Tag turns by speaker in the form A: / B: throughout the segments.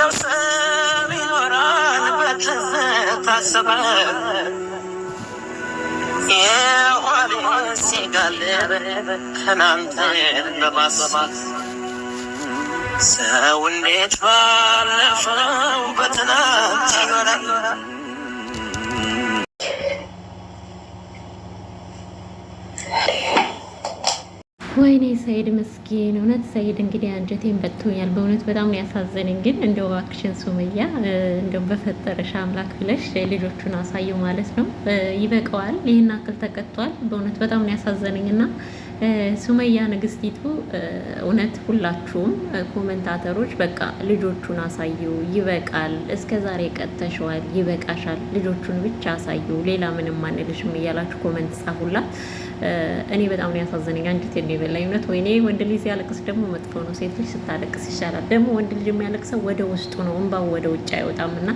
A: የሰው ሰብ ይኖራል ታሰበ
B: ሰው እንዴት ባለፈው በትናንት ይኖራል ወይኔ ሰይድ መስኪን፣ እውነት ሰይድ እንግዲህ አንጀቴን በልቶኛል። በእውነት በጣም ያሳዘነኝ። ግን እንደ አክሽን ሱመያ እንደው በፈጠረሽ አምላክ ብለሽ ልጆቹን አሳየው ማለት ነው። ይበቀዋል። ይህን አክል ተቀጥቷል። በእውነት በጣም ያሳዘነኝ እና ሱመያ ንግስቲቱ እውነት ሁላችሁም ኮመንታተሮች በቃ ልጆቹን አሳዩ፣ ይበቃል፣ እስከ ዛሬ ቀጥተሸዋል፣ ይበቃሻል፣ ልጆቹን ብቻ አሳዩ፣ ሌላ ምንም አንልሽም እያላችሁ ኮመንት ጻፉላት። እኔ በጣም ነው ያሳዘነኝ። አንጀት የሚበላኝ እውነት። ወይኔ ወንድ ልጅ ሲያለቅስ ደግሞ መጥፎ ነው። ሴት ልጅ ስታለቅስ ይሻላል። ደግሞ ወንድ ልጅ የሚያለቅሰው ወደ ውስጡ ነው፣ እንባው ወደ ውጭ አይወጣም እና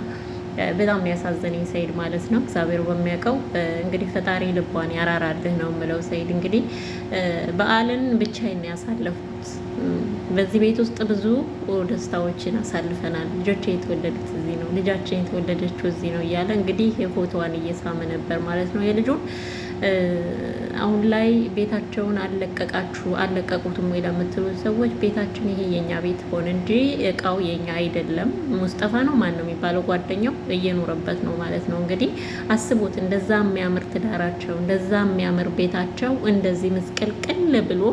B: በጣም ያሳዘነኝ ሰይድ ማለት ነው። እግዚአብሔር በሚያውቀው እንግዲህ ፈጣሪ ልቧን ያራራልህ ነው የምለው። ሰይድ እንግዲህ በዓልን ብቻዬን ያሳለፍኩት በዚህ ቤት ውስጥ ብዙ ደስታዎችን አሳልፈናል። ልጆች የተወለዱት እዚህ ነው፣ ልጃችን የተወለደችው እዚህ ነው እያለ እንግዲህ የፎቶዋን እየሳመ ነበር ማለት ነው የልጁን አሁን ላይ ቤታቸውን አለቀቃችሁ አለቀቁትም ወይ ለምትሉ ሰዎች ቤታችን ይሄ የኛ ቤት ሆን እንጂ እቃው የኛ አይደለም። ሙስጠፋ ነው ማን ነው የሚባለው ጓደኛው እየኖረበት ነው ማለት ነው። እንግዲህ አስቡት፣ እንደዛ የሚያምር ትዳራቸው፣ እንደዛ የሚያምር ቤታቸው እንደዚህ ምስቅልቅል ብሎ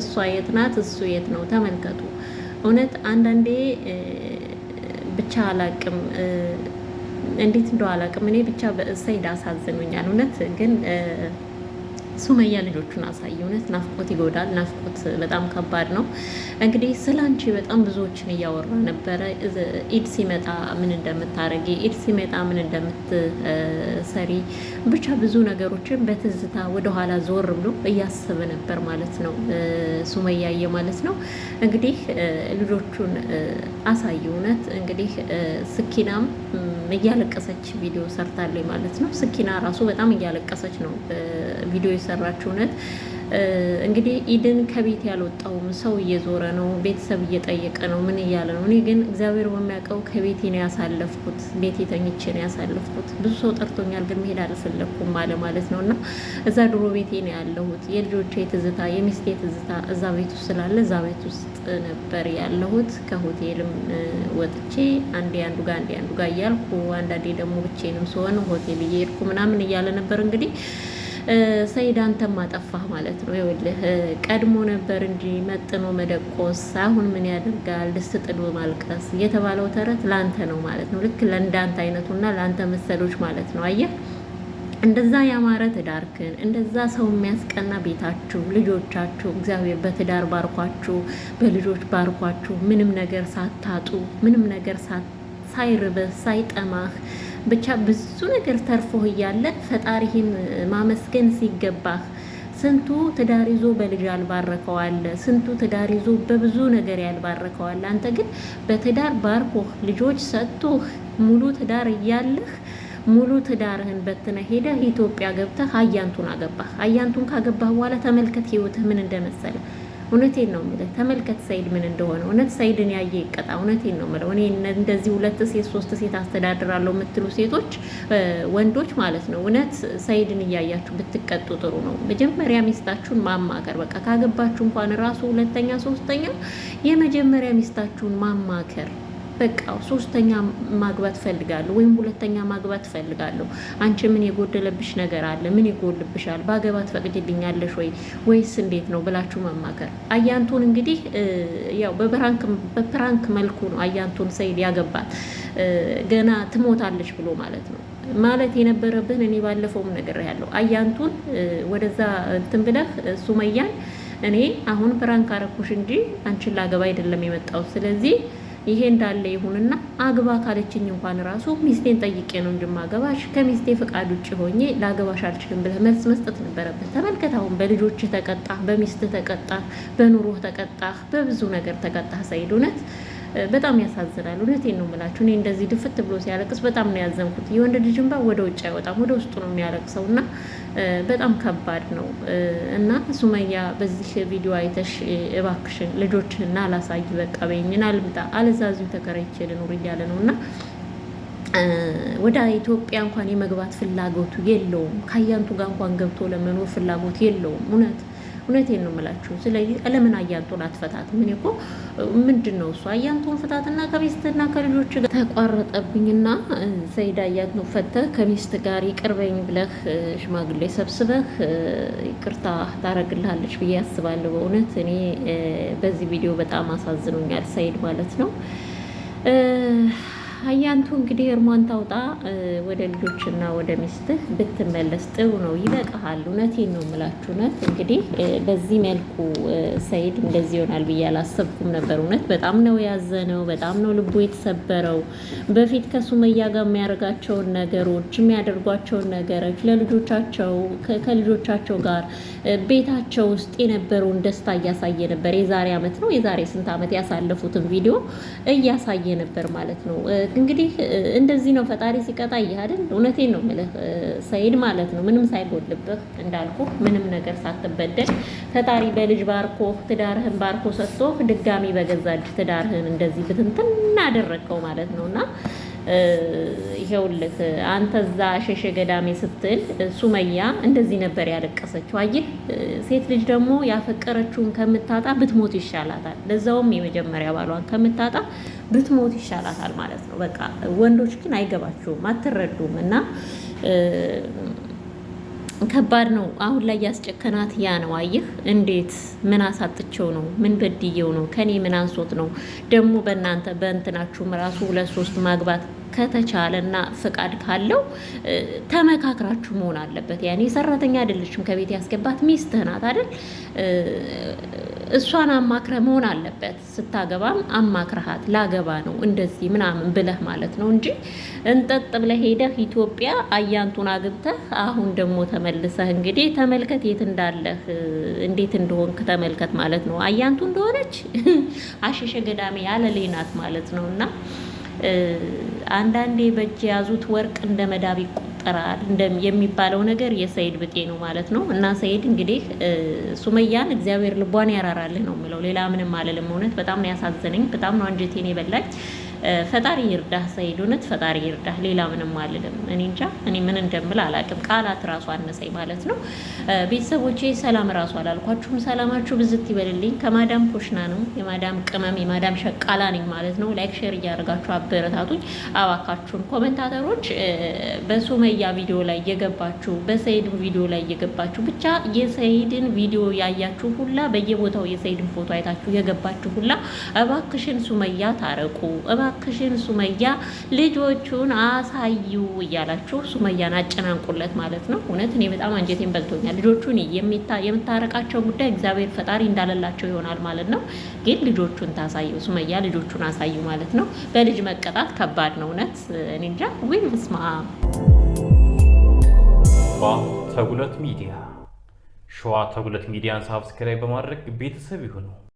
B: እሷ የት ናት? እሱ የት ነው? ተመልከቱ። እውነት አንዳንዴ ብቻ አላቅም እንዴት እንደው አላውቅም። እኔ ብቻ በእሰይ ዳሳዝኖኛል። እውነት ግን ሱመያ ልጆቹን አሳይ። እውነት ናፍቆት ይጎዳል። ናፍቆት በጣም ከባድ ነው። እንግዲህ ስለ አንቺ በጣም ብዙዎችን እያወራ ነበረ። ኢድ ሲመጣ ምን እንደምታረጊ፣ ኢድ ሲመጣ ምን እንደምትሰሪ፣ ብቻ ብዙ ነገሮችን በትዝታ ወደኋላ ዞር ብሎ እያሰበ ነበር ማለት ነው ሱመያዬ ማለት ነው። እንግዲህ ልጆቹን አሳይ። እውነት እንግዲህ ስኪናም እያለቀሰች ቪዲዮ ሰርታለች ማለት ነው። ስኪና ራሱ በጣም እያለቀሰች ነው ቪዲዮ የሰራችው እውነት እንግዲህ ኢድን ከቤት ያልወጣውም ሰው እየዞረ ነው፣ ቤተሰብ እየጠየቀ ነው፣ ምን እያለ ነው። እኔ ግን እግዚአብሔር በሚያውቀው ከቤቴ ነው ያሳለፍኩት፣ ቤቴ ተኝቼ ነው ያሳለፍኩት። ብዙ ሰው ጠርቶኛል፣ ግን መሄድ አልፈለግኩም አለ ማለት ነው። እና እዛ ድሮ ቤቴ ነው ያለሁት፣ የልጆቼ ትዝታ፣ የሚስቴ ትዝታ እዛ ቤት ውስጥ ስላለ እዛ ቤት ውስጥ ነበር ያለሁት። ከሆቴልም ወጥቼ አንዴ አንዱ ጋር አንዴ አንዱ ጋር እያልኩ አንዳንዴ ደግሞ ብቼንም ስሆን ሆቴል እየሄድኩ ምናምን እያለ ነበር እንግዲህ ሰይድ አንተም አጠፋህ ማለት ነው። ይኸውልህ ቀድሞ ነበር እንጂ መጥኖ መደቆስ አሁን ምን ያደርጋል ጥዶ ማልቀስ የተባለው ተረት ላንተ ነው ማለት ነው። ልክ ለእንዳንተ አይነቱና ለአንተ መሰሎች ማለት ነው። አየህ እንደዛ ያማረ ትዳርክን እንደዛ ሰው የሚያስቀና ቤታችሁ ልጆቻችሁ እግዚአብሔር በትዳር ባርኳችሁ በልጆች ባርኳችሁ ምንም ነገር ሳታጡ ምንም ነገር ሳይርበህ ሳይጠማህ ብቻ ብዙ ነገር ተርፎህ እያለ ፈጣሪህን ማመስገን ሲገባህ ስንቱ ትዳር ይዞ በልጅ ያልባረከዋል፣ ስንቱ ትዳር ይዞ በብዙ ነገር ያልባረከዋል። አንተ ግን በትዳር ባርኮህ ልጆች ሰጥቶህ ሙሉ ትዳር እያለህ ሙሉ ትዳርህን በትነ ሄደህ ኢትዮጵያ ገብተህ አያንቱን አገባህ። አያንቱን ካገባህ በኋላ ተመልከት ህይወትህ ምን እንደመሰለ እውነቴን ነው የምልህ። ተመልከት ሰይድ ምን እንደሆነ። እውነት ሰይድን ያየ ይቀጣ። እውነቴን ነው የምለው። እኔ እንደዚህ ሁለት ሴት ሶስት ሴት አስተዳድራለሁ የምትሉ ሴቶች፣ ወንዶች ማለት ነው። እውነት ሰይድን እያያችሁ ብትቀጡ ጥሩ ነው። መጀመሪያ ሚስታችሁን ማማከር፣ በቃ ካገባችሁ እንኳን ራሱ ሁለተኛ ሶስተኛ፣ የመጀመሪያ ሚስታችሁን ማማከር በቃ ሶስተኛ ማግባት ፈልጋለሁ ወይም ሁለተኛ ማግባት ፈልጋለሁ። አንቺ ምን የጎደለብሽ ነገር አለ? ምን ይጎልብሻል? በአገባ ትፈቅጂልኛለሽ ወይ ወይስ እንዴት ነው ብላችሁ መማከር። አያንቱን እንግዲህ ያው በፕራንክ መልኩ ነው አያንቱን ሰይድ ያገባት ገና ትሞታለች ብሎ ማለት ነው ማለት የነበረብህን እኔ ባለፈውም ነገር ያለው አያንቱን ወደዛ እንትን ብለህ ሱመያን እኔ አሁን ፕራንክ አረኩሽ እንጂ አንቺን ላገባ አይደለም የመጣው ስለዚህ ይሄ እንዳለ ይሁንና አግባ ካለችኝ እንኳን ራሱ ሚስቴን ጠይቄ ነው እንድማገባሽ ከሚስቴ ፍቃድ ውጭ ሆኜ ላገባሽ አልችልም ብለህ መልስ መስጠት ነበረበት። ተመልከት፣ አሁን በልጆች ተቀጣህ፣ በሚስት ተቀጣህ፣ በኑሮህ ተቀጣህ፣ በብዙ ነገር ተቀጣህ። ሰይድ እውነት በጣም ያሳዝናል። እውነቴን ነው የምላችሁ። እኔ እንደዚህ ድፍት ብሎ ሲያለቅስ በጣም ነው ያዘንኩት። የወንድ ልጅ እንባ ወደ ውጭ አይወጣም፣ ወደ ውስጡ ነው የሚያለቅሰው እና በጣም ከባድ ነው እና ሱመያ በዚህ ቪዲዮ አይተሽ እባክሽን ልጆችን ና አላሳይ በቃ በይኝና ልምጣ አልዛዚሁ ተከራይቼ ልኖር እያለ ነው እና ወደ ኢትዮጵያ እንኳን የመግባት ፍላጎቱ የለውም። ከአያንቱ ጋር እንኳን ገብቶ ለመኖር ፍላጎት የለውም እውነት እውነቴን ነው የምላችሁ። ስለዚህ ለምን አያንቶን አትፈታት? ምን እኮ ምንድን ነው እሱ አያንቶን ፍታትና ከሚስትና ከልጆች ጋር ተቋረጠብኝና ሰይድ አያንቶ ፈተህ ከሚስት ጋር ይቅርበኝ ብለህ ሽማግሌ ሰብስበህ ይቅርታ ታረግልሃለች ብዬ አስባለሁ። በእውነት እኔ በዚህ ቪዲዮ በጣም አሳዝኖኛል ሰይድ ማለት ነው። ሀያንቱ እንግዲህ እርሟን ታውጣ ወደ ልጆችና ወደ ሚስትህ ብትመለስ ጥሩ ነው። ይበቃሃል። እውነቴን ነው የምላችሁ። እውነት እንግዲህ በዚህ መልኩ ሰይድ እንደዚህ ይሆናል ብዬ አላሰብኩም ነበር። እውነት በጣም ነው ያዘነው፣ በጣም ነው ልቡ የተሰበረው። በፊት ከሱመያ ጋር የሚያደርጋቸውን ነገሮች የሚያደርጓቸውን ነገሮች ለልጆቻቸው ከልጆቻቸው ጋር ቤታቸው ውስጥ የነበረውን ደስታ እያሳየ ነበር። የዛሬ አመት ነው የዛሬ ስንት አመት ያሳለፉትን ቪዲዮ እያሳየ ነበር ማለት ነው። እንግዲህ እንደዚህ ነው ፈጣሪ ሲቀጣ አይደል? እውነቴን ነው የምልህ ሰይድ ማለት ነው ምንም ሳይጎልብህ እንዳልኩ ምንም ነገር ሳትበደል ፈጣሪ በልጅ ባርኮ ትዳርህን ባርኮ ሰጥቶ ድጋሚ በገዛ እጅ ትዳርህን እንደዚህ ብትንትን አደረግከው ማለት ነውና ይኸውልህ አንተ እዛ ሸሸ ገዳሜ ስትል ሱመያ እንደዚህ ነበር ያለቀሰችው። አየህ ሴት ልጅ ደግሞ ያፈቀረችውን ከምታጣ ብትሞት ይሻላታል። ለዛውም የመጀመሪያ ባሏን ከምታጣ ብትሞት ይሻላታል ማለት ነው። በቃ ወንዶች ግን አይገባችሁም፣ አትረዱም እና ከባድ ነው። አሁን ላይ ያስጨከናት ያ ነው። አየህ እንዴት ምን አሳጥቸው ነው? ምን በድየው ነው? ከኔ ምን አንሶት ነው? ደግሞ በእናንተ በእንትናችሁም ራሱ ሁለት ሶስት ማግባት ከተቻለ እና ፍቃድ ካለው ተመካክራችሁ መሆን አለበት። ያኔ ሰራተኛ አይደለችም። ከቤት ያስገባት ሚስትህ ናት አይደል? እሷን አማክረህ መሆን አለበት። ስታገባም አማክረሃት ላገባ ነው እንደዚህ ምናምን ብለህ ማለት ነው እንጂ እንጠጥ ብለህ ሄደህ ኢትዮጵያ አያንቱን አግብተህ አሁን ደግሞ ተመልሰህ እንግዲህ ተመልከት፣ የት እንዳለህ እንዴት እንደሆንክ ተመልከት ማለት ነው። አያንቱ እንደሆነች አሸሸ ገዳሜ ያለሌ ናት ማለት ነው። እና አንዳንዴ በእጅ የያዙት ወርቅ እንደ መዳብ ይቆ ይቀራል የሚባለው ነገር የሰይድ ብጤ ነው ማለት ነው። እና ሰይድ እንግዲህ ሱመያን እግዚአብሔር ልቧን ያራራልህ ነው የሚለው ሌላ ምንም አለልም። እውነት በጣም ነው ያሳዘነኝ። በጣም ነው አንጀቴን የበላኝ። ፈጣሪ ይርዳህ ሰይድ፣ እውነት ፈጣሪ ይርዳህ። ሌላ ምንም አልልም። እኔ እንጃ እኔ ምን እንደምል አላውቅም። ቃላት ራሱ አነሰኝ ማለት ነው። ቤተሰቦቼ ሰላም ራሱ አላልኳችሁም። ሰላማችሁ ብዝት ይበልልኝ። ከማዳም ኮሽና ነው የማዳም ቅመም የማዳም ሸቃላ ነኝ ማለት ነው። ላይክ ሼር እያደረጋችሁ አበረታቱኝ አባካችሁን። ኮመንታተሮች በሱመያ ቪዲዮ ላይ እየገባችሁ በሰይድ ቪዲዮ ላይ እየገባችሁ ብቻ የሰይድን ቪዲዮ ያያችሁ ሁላ በየቦታው የሰይድን ፎቶ አይታችሁ የገባችሁ ሁላ እባክሽን ሱመያ ታረቁ እባክሽን ሱመያ ልጆቹን አሳዩ እያላችሁ ሱመያን አጨናንቁለት ማለት ነው። እውነት እኔ በጣም አንጀቴን በልቶኛል። ልጆቹን የምታረቃቸው ጉዳይ እግዚአብሔር ፈጣሪ እንዳለላቸው ይሆናል ማለት ነው። ግን ልጆቹን ታሳዩ፣ ሱመያ ልጆቹን አሳዩ ማለት ነው። በልጅ መቀጣት ከባድ ነው። እውነት እኔ እንጃ ወይ ስማ ተጉለት ሚዲያ ሸዋ ተጉለት ሚዲያን ሳብስክራይብ በማድረግ ቤተሰብ ይሁነው።